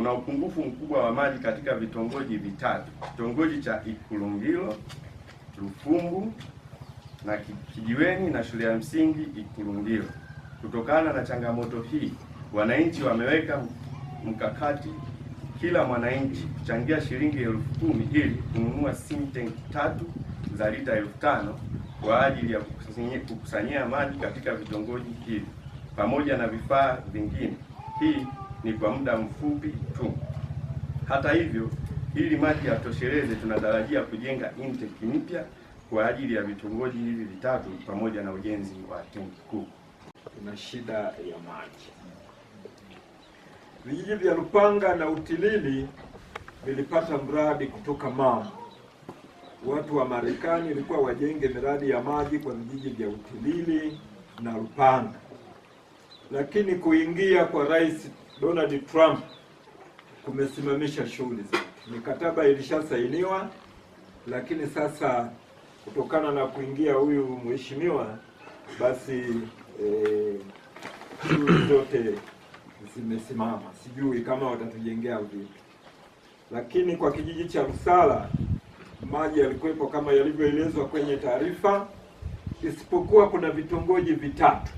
kuna upungufu mkubwa wa maji katika vitongoji vitatu, kitongoji cha Ikulungilo, rufumbu na Kijiweni na shule ya msingi Ikulungilo. Kutokana na changamoto hii, wananchi wameweka mkakati kila mwananchi kuchangia shilingi elfu kumi ili kununua tank tatu za lita elfu tano kwa ajili ya kukusanyia maji katika vitongoji hivi pamoja na vifaa vingine. Hii ni kwa muda mfupi tu. Hata hivyo, ili maji yatosheleze, tunatarajia kujenga intake mpya kwa ajili ya vitongoji hivi vitatu pamoja na ujenzi wa tenki kuu. Tuna shida ya maji. Vijiji vya Lupanga na Utilili vilipata mradi kutoka mama watu wa Marekani ilikuwa wajenge miradi ya maji kwa vijiji vya Utilili na Lupanga, lakini kuingia kwa Rais Donald Trump kumesimamisha shughuli zake. Mikataba ilishasainiwa, lakini sasa kutokana na kuingia huyu mheshimiwa basi eh, zote zimesimama. Sijui kama watatujengea vipi, lakini kwa kijiji cha Rusala maji yalikuwepo kama yalivyoelezwa kwenye taarifa, isipokuwa kuna vitongoji vitatu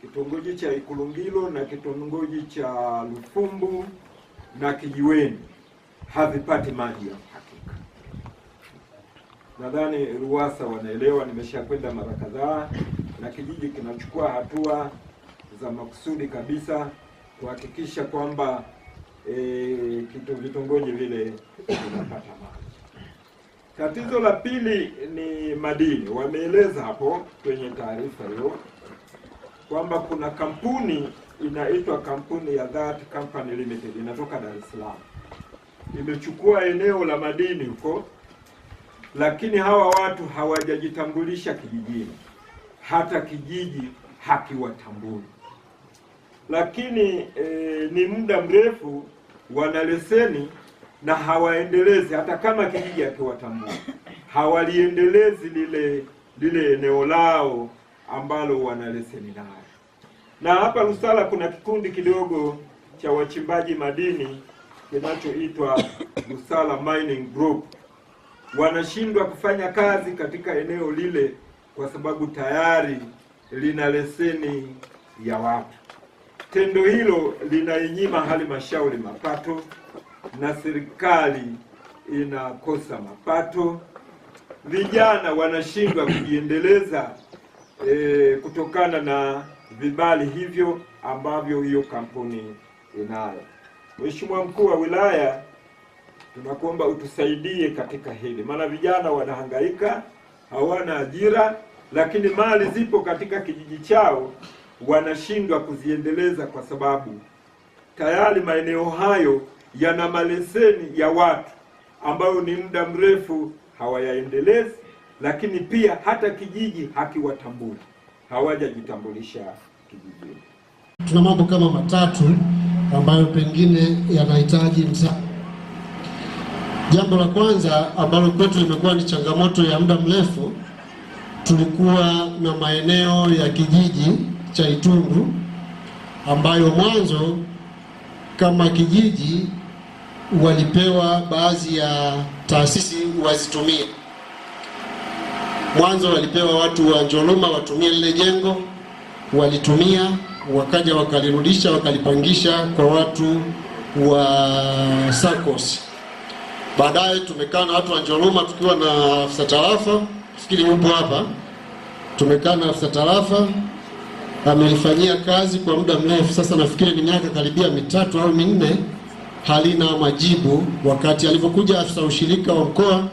kitongoji cha Ikulungilo na kitongoji cha Lufumbu na Kijiweni havipati maji ya uhakika. Nadhani RUWASA wanaelewa, nimeshakwenda mara kadhaa, na kijiji kinachukua hatua za makusudi kabisa kuhakikisha kwamba e, vitongoji vile vinapata maji. Tatizo la pili ni madini, wameeleza hapo kwenye taarifa hiyo kwamba kuna kampuni inaitwa kampuni ya That Company Limited inatoka Dar es Salaam, imechukua eneo la madini huko, lakini hawa watu hawajajitambulisha kijijini, hata kijiji hakiwatambui. Lakini e, ni muda mrefu wana leseni na hawaendelezi, hata kama kijiji hakiwatambui, hawaliendelezi lile lile eneo lao ambalo wana leseni nayo. Na hapa Lusala kuna kikundi kidogo cha wachimbaji madini kinachoitwa Lusala Mining Group. Wanashindwa kufanya kazi katika eneo lile kwa sababu tayari lina leseni ya watu. Tendo hilo linainyima halmashauri mapato na serikali inakosa mapato. Vijana wanashindwa kujiendeleza e, kutokana na vibali hivyo ambavyo hiyo kampuni inayo. Mheshimiwa mkuu wa wilaya, tunakuomba utusaidie katika hili, maana vijana wanahangaika, hawana ajira, lakini mali zipo katika kijiji chao, wanashindwa kuziendeleza kwa sababu tayari maeneo hayo yana maleseni ya watu ambayo ni muda mrefu hawayaendelezi lakini pia hata kijiji hakiwatambui, hawajajitambulisha kijijini. Tuna mambo kama matatu ambayo pengine yanahitaji msaada. Jambo la kwanza ambalo kwetu limekuwa ni changamoto ya muda mrefu, tulikuwa na maeneo ya kijiji cha Itundu ambayo mwanzo kama kijiji walipewa baadhi ya taasisi wazitumie Mwanzo walipewa watu wa njoruma watumie lile jengo, walitumia wakaja wakalirudisha wakalipangisha kwa watu wa SACCOS. Baadaye tumekaa na watu wa njoruma tukiwa na afisa tarafa, fikiri yupo hapa. Tumekaa na afisa tarafa amelifanyia kazi kwa muda mrefu sasa, nafikiri ni miaka karibia mitatu au minne, halina majibu. Wakati alivyokuja afisa ushirika wa mkoa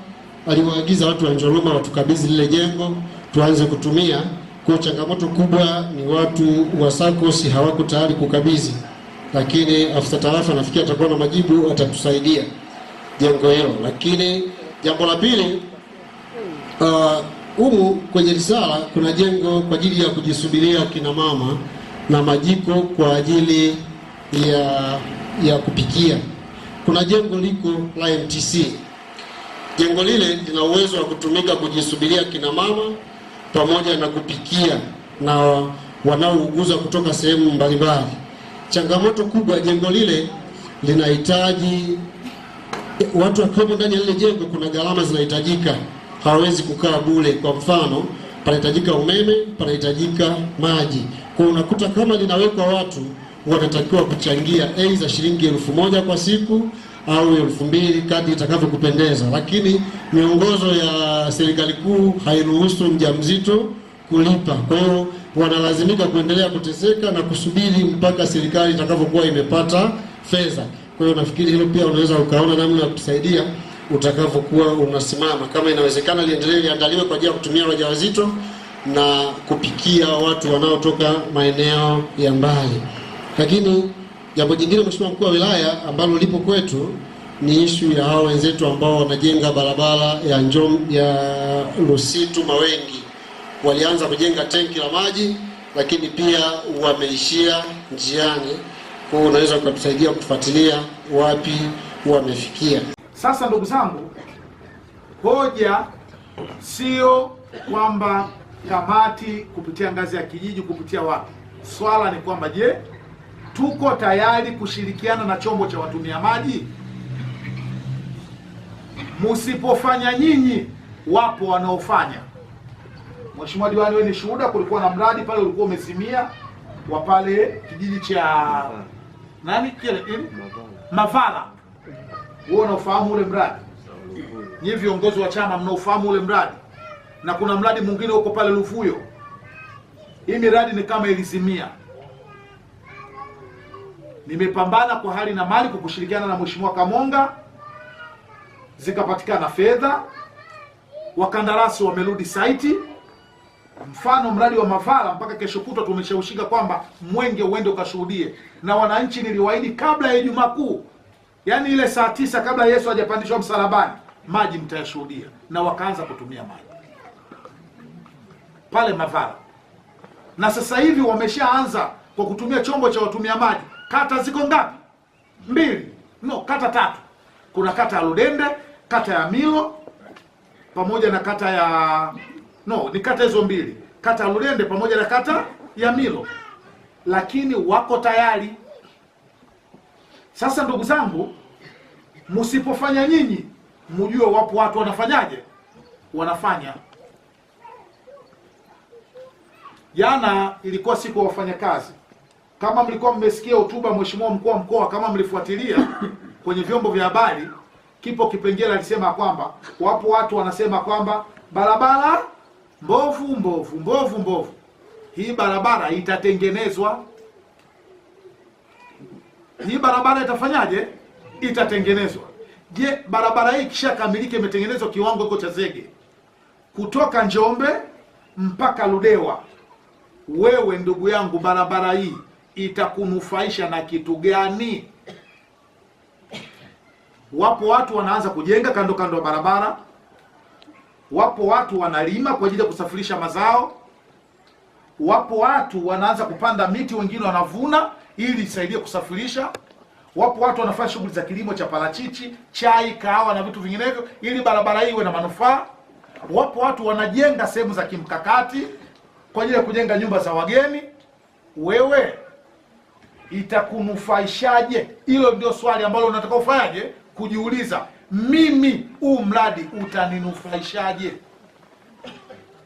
aliwaagiza watu wa Njoruma watukabidhi lile jengo tuanze kutumia. Kwa changamoto kubwa ni watu wa SACCOS hawako tayari kukabidhi, lakini afisa tarafa nafikiri atakuwa na majibu, atatusaidia jengo hilo. Lakini jambo la pili, uh, humu umu kwenye risala kuna jengo kwa ajili ya kujisubiria kina mama na majiko kwa ajili ya ya kupikia. Kuna jengo liko la MTC Jengo lile lina uwezo wa kutumika kujisubiria kina mama pamoja na kupikia na wanaouguza kutoka sehemu mbalimbali. Changamoto kubwa, jengo lile linahitaji watu wakiwemo ndani ya lile jengo, kuna gharama zinahitajika, hawawezi kukaa bure. Kwa mfano, panahitajika umeme, panahitajika maji. Kwa unakuta kama linawekwa watu wanatakiwa kuchangia aidha za shilingi elfu moja kwa siku au elfu mbili kadri itakavyokupendeza, lakini miongozo ya serikali kuu hairuhusu mjamzito kulipa. Kwa hiyo wanalazimika kuendelea kuteseka na kusubiri mpaka serikali itakavyokuwa imepata fedha. Kwa hiyo nafikiri hilo pia unaweza ukaona namna ya kutusaidia utakavyokuwa unasimama, kama inawezekana liendelee liandaliwe kwa ajili ya kutumia wajawazito na kupikia watu wanaotoka maeneo ya mbali, lakini Jambo jingine Mheshimiwa Mkuu wa Wilaya, ambalo lipo kwetu ni ishu ya hao wenzetu ambao wanajenga barabara ya Njom, ya Rusitu Mawengi. Walianza kujenga tenki la maji, lakini pia wameishia njiani. Kwa hiyo unaweza ukatusaidia kufuatilia wapi wamefikia. Sasa ndugu zangu, hoja sio kwamba kamati kupitia ngazi ya kijiji kupitia wapi, swala ni kwamba je tuko tayari kushirikiana na chombo cha watumia maji. Msipofanya nyinyi, wapo wanaofanya. Mheshimiwa diwani, wewe ni shuhuda, kulikuwa na mradi pale ulikuwa umezimia wa pale kijiji cha nani kile Mavala, wewe unaofahamu ule mradi, ni viongozi wa chama mnaofahamu ule mradi, na kuna mradi mwingine uko pale Luvuyo. Hii miradi ni kama ilizimia nimepambana kwa hali na mali kwa kushirikiana na Mheshimiwa Kamonga, zikapatikana fedha, wakandarasi wamerudi saiti. Mfano mradi wa Mavala mpaka kesho kutwa tumeshaushika kwamba Mwenge uende ukashuhudie, na wananchi niliwaahidi kabla ya Ijumaa Kuu, yaani ile saa tisa kabla Yesu hajapandishwa msalabani, maji mtayashuhudia, na wakaanza kutumia maji pale Mavala, na sasa hivi wameshaanza kwa kutumia chombo cha watumia maji Kata ziko ngapi? Mbili, no, kata tatu. Kuna kata ya Ludende, kata ya Milo pamoja na kata ya no, ni kata hizo mbili, kata ya Ludende pamoja na kata ya Milo, lakini wako tayari. Sasa ndugu zangu, msipofanya nyinyi, mjue wapo watu wanafanyaje, wanafanya. Jana ilikuwa siku ya wafanyakazi kama mlikuwa mmesikia hotuba mheshimiwa mkuu wa mkoa, kama mlifuatilia kwenye vyombo vya habari, kipo kipengele alisema kwamba wapo watu wanasema kwamba barabara mbovu mbovu mbovu mbovu, hii barabara itatengenezwa, hii barabara itafanyaje? Itatengenezwa. Je, barabara hii ikishakamilika, imetengenezwa kiwango hiko cha zege kutoka Njombe mpaka Ludewa, wewe ndugu yangu, barabara hii itakunufaisha na kitu gani? Wapo watu wanaanza kujenga kando kando ya barabara, wapo watu wanalima kwa ajili ya kusafirisha mazao, wapo watu wanaanza kupanda miti, wengine wanavuna ili isaidie kusafirisha, wapo watu wanafanya shughuli za kilimo cha parachichi, chai, kahawa na vitu vinginevyo, ili barabara hii iwe na manufaa. Wapo watu wanajenga sehemu za kimkakati kwa ajili ya kujenga nyumba za wageni. Wewe itakunufaishaje? Hilo ndio swali ambalo unataka ufanyaje, kujiuliza, mimi huu mradi utaninufaishaje?